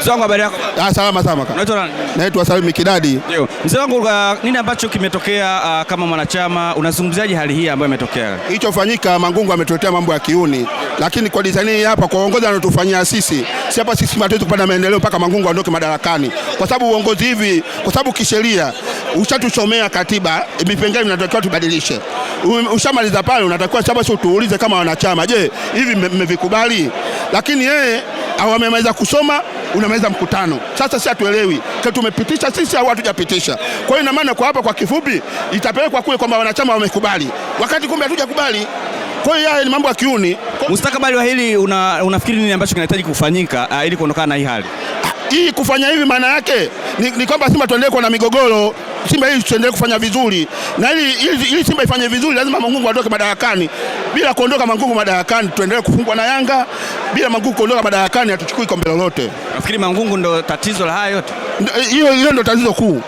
Mzee wangu habari yako? Ah, salama sana kaka. Unaitwa nani? Naitwa Salim Mikidadi. Ndio. Mzee wangu nini ambacho kimetokea uh, kama mwanachama unazungumziaje hali hii ambayo imetokea? fanyika Mangungu ametuletea mambo ya kiuni. Lakini kwa design hii hapa kwa uongozi anatufanyia sisi. Si hapa sisi hatuwezi kupata maendeleo mpaka Mangungu aondoke madarakani. Kwa sababu uongozi hivi, kwa sababu kisheria ushatusomea katiba, vipengele vinatakiwa tubadilishe. Um, ushamaliza pale, unatakiwa sio, tuulize kama wanachama, je, hivi mmevikubali? Lakini yeye awamemaliza kusoma unamaliza mkutano sasa, si hatuelewi tumepitisha sisi au hatujapitisha. Kwa hiyo ina maana kwa hapa, kwa kifupi, itapelekwa kule kwamba wanachama wamekubali, wakati kumbe hatujakubali. Kwa hiyo haya ni mambo ya kiuni. Mustakabali wa hili una, unafikiri nini ambacho kinahitaji kufanyika uh, ili kuondokana na hii hali ah, hii? Kufanya hivi maana yake ni, ni kwamba Simba tuendelee kuwa na migogoro. Simba hii tuendelee kufanya vizuri, na ili Simba ifanye vizuri lazima Mangungu aondoke madarakani. Bila kuondoka Mangungu madarakani, tuendelee kufungwa na Yanga. Bila Mangungu kuondoka madarakani, hatuchukui kombe lolote. Nafikiri Mangungu ndo tatizo la haya yote, hiyo ndo tatizo kuu.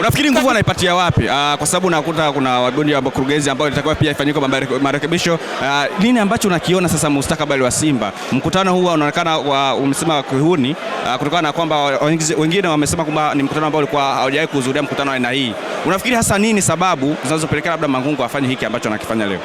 Unafikiri nguvu anaipatia wapi? Aa, ah, kwa sababu nakuta kuna wabondi wa mkurugenzi ambao ilitakiwa pia ifanyike marekebisho. Ah, nini ambacho unakiona sasa mustakabali wa Simba? Mkutano huu unaonekana umesema kuhuni Ah, kutokana na kwamba wengine wamesema kwamba ni mkutano ambao ulikuwa haujawahi kuhudhuria mkutano wa aina hii. Unafikiri hasa nini sababu zinazopelekea labda Mangungu afanye hiki ambacho anakifanya leo?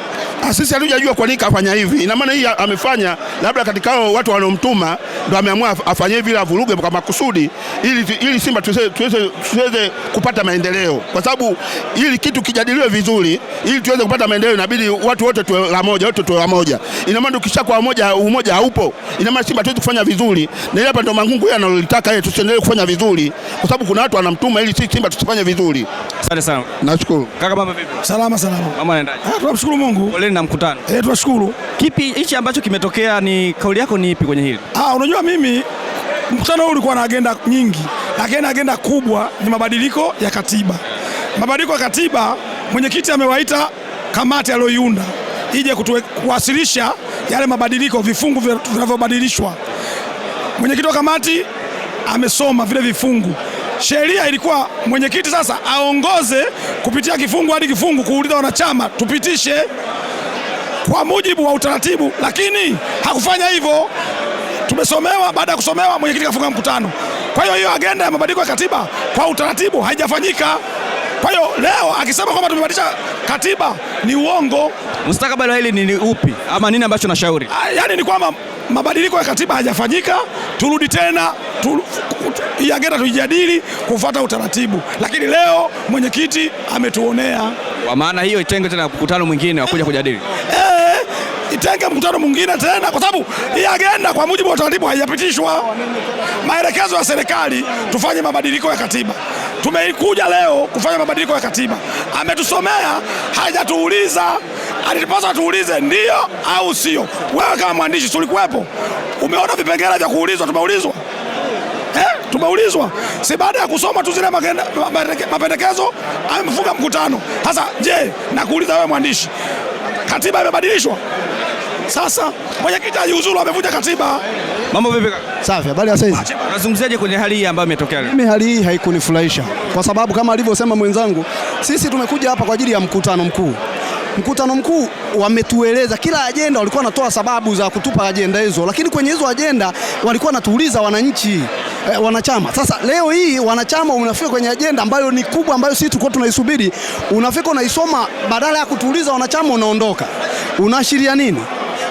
Ah, sisi hatujajua kwa nini kafanya hivi. Ina maana hii amefanya labda katika watu wanaomtuma ndo ameamua afanye hivi ili avuruge kwa makusudi, ili ili Simba tuweze kupata maendeleo, kwa sababu ili kitu kijadiliwe vizuri, ili tuweze kupata maendeleo inabidi watu wote tuwe la moja, wote tuwe la moja. Ina maana ukishakuwa moja, umoja haupo, ina maana Simba tuweze kufanya vizuri, na hapa ndo Mangungu yeye analolitaka yeye, tusiendelee kufanya vizuri, kwa sababu kuna watu anamtuma ili sisi Simba tusifanye vizuri. Asante sana, nashukuru kaka. Mama vipi? Salama salama. Mama anaendaje? Ah, tunamshukuru Mungu. Poleni na mkutano. Eh, tunashukuru. Kipi hichi ambacho kimetokea, ni kauli yako ni ipi kwenye hili? Ah, unajua mimi mkutano huu ulikuwa na agenda nyingi, lakini agenda kubwa ni mabadiliko ya katiba. Mabadiliko ya katiba, mwenyekiti amewaita kamati aliyoiunda ije kuwasilisha yale mabadiliko, vifungu vinavyobadilishwa Mwenyekiti wa kamati amesoma vile vifungu. Sheria ilikuwa mwenyekiti sasa aongoze kupitia kifungu hadi kifungu, kuuliza wanachama tupitishe kwa mujibu wa utaratibu, lakini hakufanya hivyo. Tumesomewa, baada ya kusomewa mwenyekiti kafunga mkutano. Kwa hiyo hiyo agenda ya mabadiliko ya katiba kwa utaratibu haijafanyika. Kwa hiyo leo akisema kwamba tumebadilisha katiba ni uongo. Mustakabali wa hili ni upi ama nini ambacho nashauri? Ah, yaani ni kwamba mabadiliko ya katiba hajafanyika, turudi tena hii agenda tuijadili kufuata utaratibu, lakini leo mwenyekiti ametuonea. Kwa maana hiyo itenge tena mkutano mwingine wa kuja kujadili eh, itenge mkutano mwingine tena, kwa sababu hii agenda kwa mujibu wa utaratibu haijapitishwa. Maelekezo ya serikali tufanye mabadiliko ya katiba tumeikuja leo kufanya mabadiliko ya katiba, ametusomea hajatuuliza alitupasa tuulize ndio au sio. Wewe kama mwandishi tulikuwepo, umeona vipengele vya kuulizwa, tumeulizwa eh, tumeulizwa. Si baada ya kusoma tu zile mapendekezo, amefunga mkutano. Sasa je, nakuuliza wewe mwandishi, katiba imebadilishwa sasa mwenyekiti ajiuzuru, amevunja katiba. Mambo vipi? Safi. Habari ya saizi, unazungumziaje kwenye hali hii ambayo imetokea leo? Mimi hali hii haikunifurahisha, kwa sababu kama alivyosema mwenzangu, sisi tumekuja hapa kwa ajili ya mkutano mkuu mkutano mkuu wametueleza kila ajenda, walikuwa wanatoa sababu za kutupa ajenda hizo, lakini kwenye hizo ajenda walikuwa wanatuuliza wananchi eh, wanachama. Sasa leo hii wanachama, unafika kwenye ajenda ambayo ni kubwa, ambayo sisi tulikuwa tunaisubiri, unafika unaisoma, badala ya kutuuliza wanachama unaondoka. Unaashiria nini?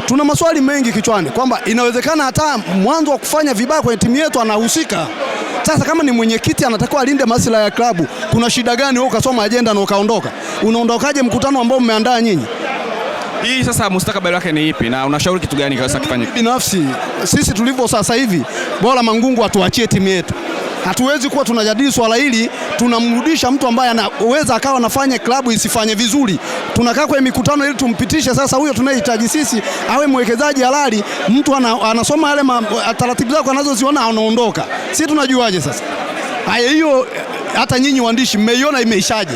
Tuna maswali mengi kichwani kwamba inawezekana hata mwanzo wa kufanya vibaya kwenye timu yetu anahusika. Sasa kama ni mwenyekiti anatakiwa alinde maslahi ya klabu, kuna shida gani wewe ukasoma ajenda na ukaondoka? Unaondokaje mkutano ambao mmeandaa nyinyi? Hii sasa mustakabali wake ni ipi na unashauri kitu gani kaweza kufanyika? Binafsi sisi tulivyo sasa hivi, bora Mangungu atuachie timu yetu. Hatuwezi kuwa tunajadili swala hili, tunamrudisha mtu ambaye anaweza akawa anafanya klabu isifanye vizuri tunakaa kwenye mikutano ili tumpitishe sasa huyo tunayehitaji sisi awe mwekezaji halali. Mtu ana, anasoma yale taratibu zako anazoziona anaondoka. Si tunajuaje sasa? Haya, hiyo hata nyinyi waandishi mmeiona imeishaje?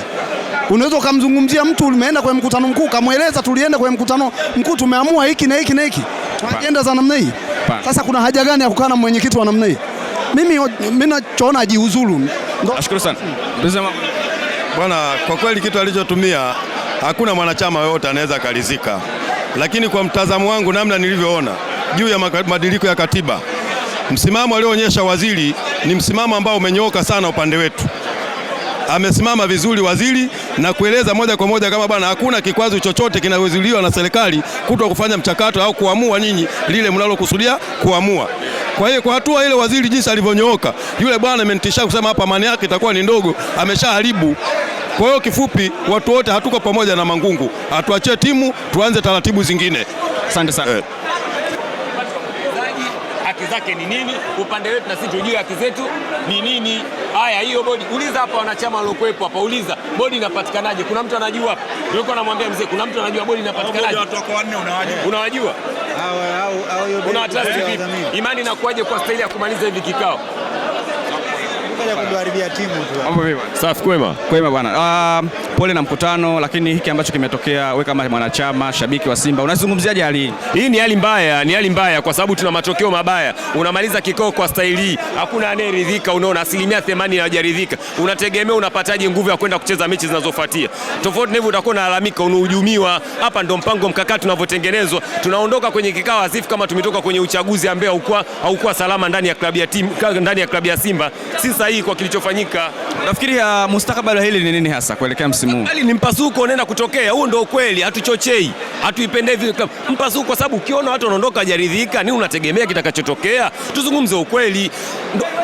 Unaweza ukamzungumzia mtu, umeenda kwenye mkutano mkuu ukamweleza, tulienda kwenye mkutano mkuu tumeamua hiki na hiki na hiki, tunajenda za namna hii. Sasa kuna haja gani ya kukaa na mwenyekiti wa namna hii? Mimi mimi nachoona ajiuzulu. Nashukuru sana hmm. bwana, kwa kweli kitu alichotumia hakuna mwanachama yoyote anaweza akalizika. Lakini kwa mtazamo wangu, namna nilivyoona juu ya mabadiliko ya katiba, msimamo alioonyesha waziri ni msimamo ambao umenyooka sana upande wetu. Amesimama vizuri waziri na kueleza moja kwa moja kama bwana, hakuna kikwazo chochote kinawezuliwa na serikali kuto kufanya mchakato au kuamua nyinyi lile mnalokusudia kuamua. Kwa hiyo kwa hatua ile waziri jinsi alivyonyooka, yule bwana amenitisha kusema hapa maana yake itakuwa ni ndogo, ameshaharibu kwa hiyo kifupi, watu wote hatuko pamoja na Mangungu, atuachie timu tuanze taratibu zingine. Asante sana eh. Haki zake ni nini upande wetu, na sisi tujue haki zetu ni nini. Haya, hiyo bodi, uliza hapa wanachama waliokuwepo hapa, uliza bodi inapatikanaje? Kuna mtu anajua hapa? Nilikuwa namwambia mzee, kuna mtu anajua bodi inapatikanaje? Watu wako wanne, unawajua unawajua, una imani inakuaje kwa staili ya kumaliza hivi kikao? Safi kwema, kwema bwana. Um, pole na mkutano, lakini hiki ambacho kimetokea, wewe kama mwanachama shabiki wa Simba unazungumziaje hali hii? Hii ni hali mbaya, ni hali mbaya kwa sababu tuna matokeo mabaya. Unamaliza kikao kwa staili hii, hakuna anayeridhika. Unaona asilimia 80 hawajaridhika, unategemea unapataje nguvu ya kwenda kucheza mechi zinazofuatia? Tofauti na hivyo utakuwa unalalamika, unahujumiwa. Hapa ndo mpango mkakati unavyotengenezwa. Tunaondoka kwenye kikao hazifu kama tumetoka kwenye uchaguzi ambao haukuwa salama ndani ya klabu ya timu, ndani ya klabu ya Simba sisi sahihi kwa kilichofanyika. Nafikiri uh, mustakabali wa hili ni nini hasa kuelekea msimu huu? Hali ni mpasuko unaenda kutokea, huo ndio ukweli, hatuchochei, hatuipendevi mpasuko, kwa sababu ukiona watu wanaondoka jaridhika, ni unategemea kitakachotokea? Tuzungumze ukweli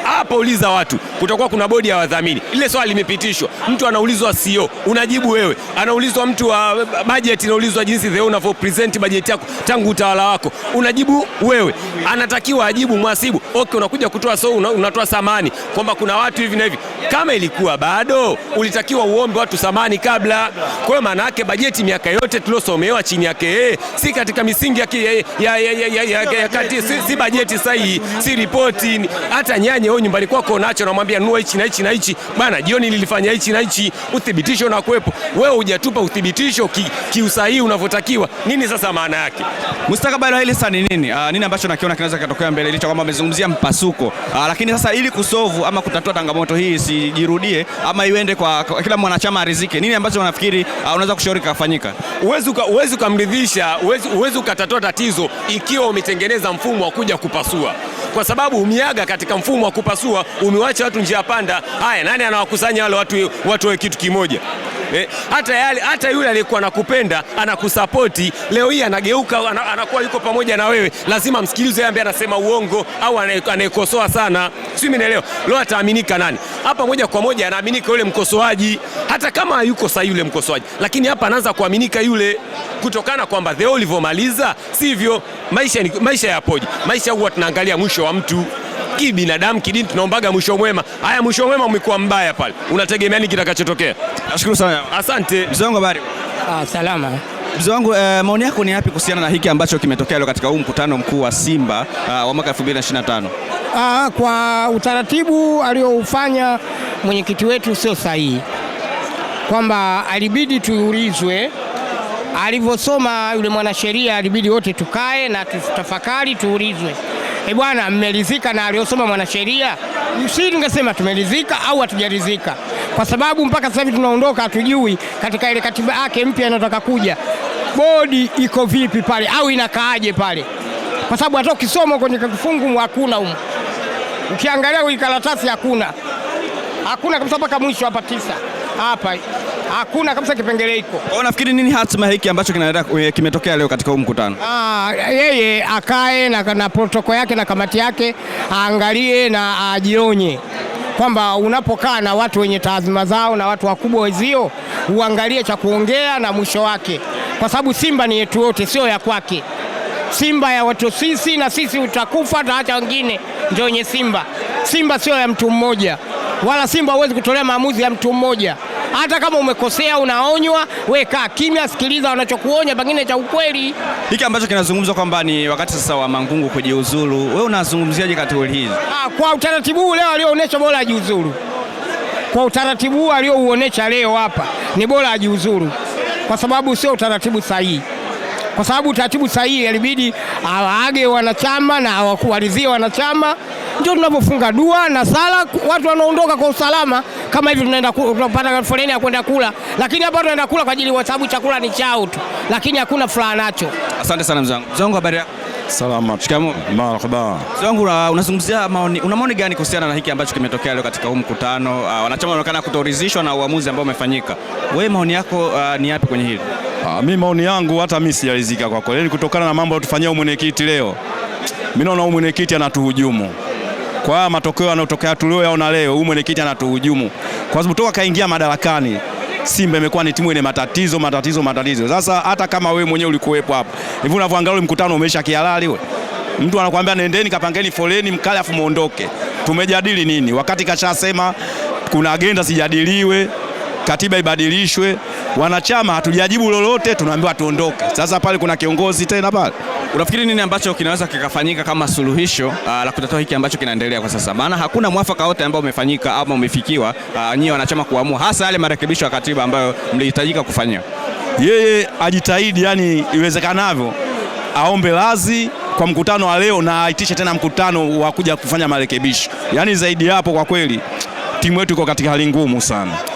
hapa, uliza watu. Kutakuwa kuna bodi ya wadhamini, ile swali limepitishwa, mtu anaulizwa CEO, unajibu wewe, anaulizwa mtu wa eh, bajeti, anaulizwa jinsi the unavyo present bajeti yako tangu utawala wako, unajibu wewe, anatakiwa ajibu mwasibu. Okay, unakuja kutoa so, unatoa samani kwamba kuna watu hivi na hivi, kama ili ilikuwa bado, ulitakiwa uombe watu samani kabla. Kwa hiyo maana yake bajeti miaka yote tuliosomewa chini yake yeye eh, si katika misingi ya ki, ya, ya, ya, ya, ya, ya, ya, kati, si si bajeti sahihi, si ripoti. Hata nyanye wewe nyumbani kwako unacho, namwambia nua hichi na hichi na hichi bana, jioni nilifanya hichi na hichi, uthibitisho na kuwepo wewe hujatupa uthibitisho kiusahihi ki unavyotakiwa. Nini sasa maana yake mustakabali wa hili sasa ni nini? Uh, nini ambacho nakiona kinaweza kutokea mbele, licha kwamba amezungumzia mpasuko uh, lakini sasa ili kusovu ama kutatua changamoto hii isijirudi isirudie ama iende kwa, kwa kila mwanachama arizike. Nini ambacho unafikiri uh, unaweza kushauri kafanyika? Huwezi ukamridhisha, huwezi ukatatua tatizo ikiwa umetengeneza mfumo wa kuja kupasua kwa sababu umiaga katika mfumo wa kupasua, umewacha watu njia panda. Haya, nani anawakusanya wale watu wawe kitu kimoja? Eh, hata yale, hata yule aliyekuwa anakupenda anakusapoti leo hii anageuka anakuwa yuko pamoja na wewe. Lazima msikilize yeye ambaye anasema uongo au anayekosoa sana, sio mimi. Naelewa leo ataaminika nani hapa? Moja kwa moja anaaminika yule mkosoaji, hata kama yuko sahihi yule mkosoaji, lakini hapa anaanza kuaminika yule kutokana kwamba the ulivyomaliza sivyo. Maisha, maisha yapoje? Maisha huwa tunaangalia mwisho wa mtu binadamu kidini, tunaombaga mwisho mwema. Haya, mwisho mwema umekuwa mbaya pale, unategemea nini kitakachotokea? Nashukuru sana, asante mzee wangu. Habari? Ah, salama Mzee wangu eh, maoni yako ni yapi kuhusiana na hiki ambacho kimetokea leo katika huu mkutano mkuu wa Simba uh, wa mwaka 2025? Ah, kwa utaratibu alioufanya mwenyekiti wetu sio sahihi, kwamba alibidi tuulizwe, alivyosoma yule mwanasheria, alibidi wote tukae na tutafakari, tuulizwe e bwana, mmeridhika na aliosoma mwanasheria? Si tungesema tumeridhika au hatujaridhika, kwa sababu mpaka sasa hivi tunaondoka, hatujui katika ile katiba yake mpya inayotaka kuja bodi iko vipi pale au inakaaje pale, kwa sababu hata ukisoma kwenye kifungu hakuna huko, ukiangalia kwenye karatasi hakuna, hakuna kabisa mpaka mwisho hapa tisa hapa hakuna kabisa kipengele hiko. unafikiri nini hatima hiki ambacho eh, kimetokea leo katika huu mkutano? Ah, yeye akae na, na protoko yake na kamati yake aangalie na ajionye kwamba unapokaa na watu wenye taadhima zao na watu wakubwa wezio, uangalie cha kuongea na mwisho wake, kwa sababu Simba ni yetu wote, sio ya kwake. Simba ya watu sisi na sisi, utakufa utaacha wengine ndio wenye Simba. Simba sio ya mtu mmoja, wala Simba huwezi kutolea maamuzi ya mtu mmoja. Hata kama umekosea unaonywa, we kaa kimya, sikiliza wanachokuonya, pengine cha ukweli. Hiki ambacho kinazungumzwa kwamba ni wakati sasa wa Mangungu kujiuzulu, we unazungumziaje kauli hizi? Ah, kwa utaratibu huu leo alioonyesha bora ajiuzulu. Kwa utaratibu huu aliouonyesha leo hapa ni bora ajiuzulu, kwa sababu sio utaratibu sahihi kwa sababu utaratibu sahihi ilibidi awaage wanachama na awakuwalizie wanachama. Ndio tunavyofunga dua na sala, watu wanaondoka kwa usalama kama hivi tunaenda tunapata foleni ya kwenda kula, lakini hapa tunaenda kula kwa ajili, kwa sababu chakula ni chao tu, lakini hakuna furaha nacho. Asante sana mzangu. Mzangu, habari Salama. Shikamoo. Marhaba. Mzangu, uh, unazungumzia maoni, una maoni gani kuhusiana na hiki ambacho kimetokea leo katika huu mkutano? Uh, wanachama wanaonekana kutoridhishwa na uamuzi ambao umefanyika. Wewe maoni yako uh, ni yapi kwenye hili? Uh, mi maoni yangu hata mi sijaridhika kwa kweli, yaani kutokana na mambo yatufanyia mwenyekiti leo. Mi naona mwenyekiti anatuhujumu kwa haya matokeo yanayotokea tulioyaona leo, huyu mwenyekiti anatuhujumu kwa sababu toka kaingia madarakani Simba imekuwa ni timu yenye matatizo matatizo matatizo. Sasa hata kama wewe mwenyewe ulikuwepo hapo, hivi unavyoangalia ule mkutano umeisha kihalali wewe, mtu anakuambia nendeni kapangeni foleni mkale afu muondoke, tumejadili nini wakati kashasema kuna agenda sijadiliwe, katiba ibadilishwe, wanachama hatujajibu lolote, tunaambiwa tuondoke. Sasa pale kuna kiongozi tena pale Unafikiri nini ambacho kinaweza kikafanyika kama suluhisho uh, la kutatua hiki ambacho kinaendelea kwa sasa? Maana hakuna mwafaka wote ambao umefanyika ama umefikiwa ah, nyinyi wanachama kuamua, hasa yale marekebisho ya katiba ambayo mlihitajika kufanyia. Yeye ajitahidi, yani iwezekanavyo aombe radhi kwa mkutano wa leo na aitishe tena mkutano wa kuja kufanya marekebisho. Yani zaidi hapo, kwa kweli timu yetu iko katika hali ngumu sana.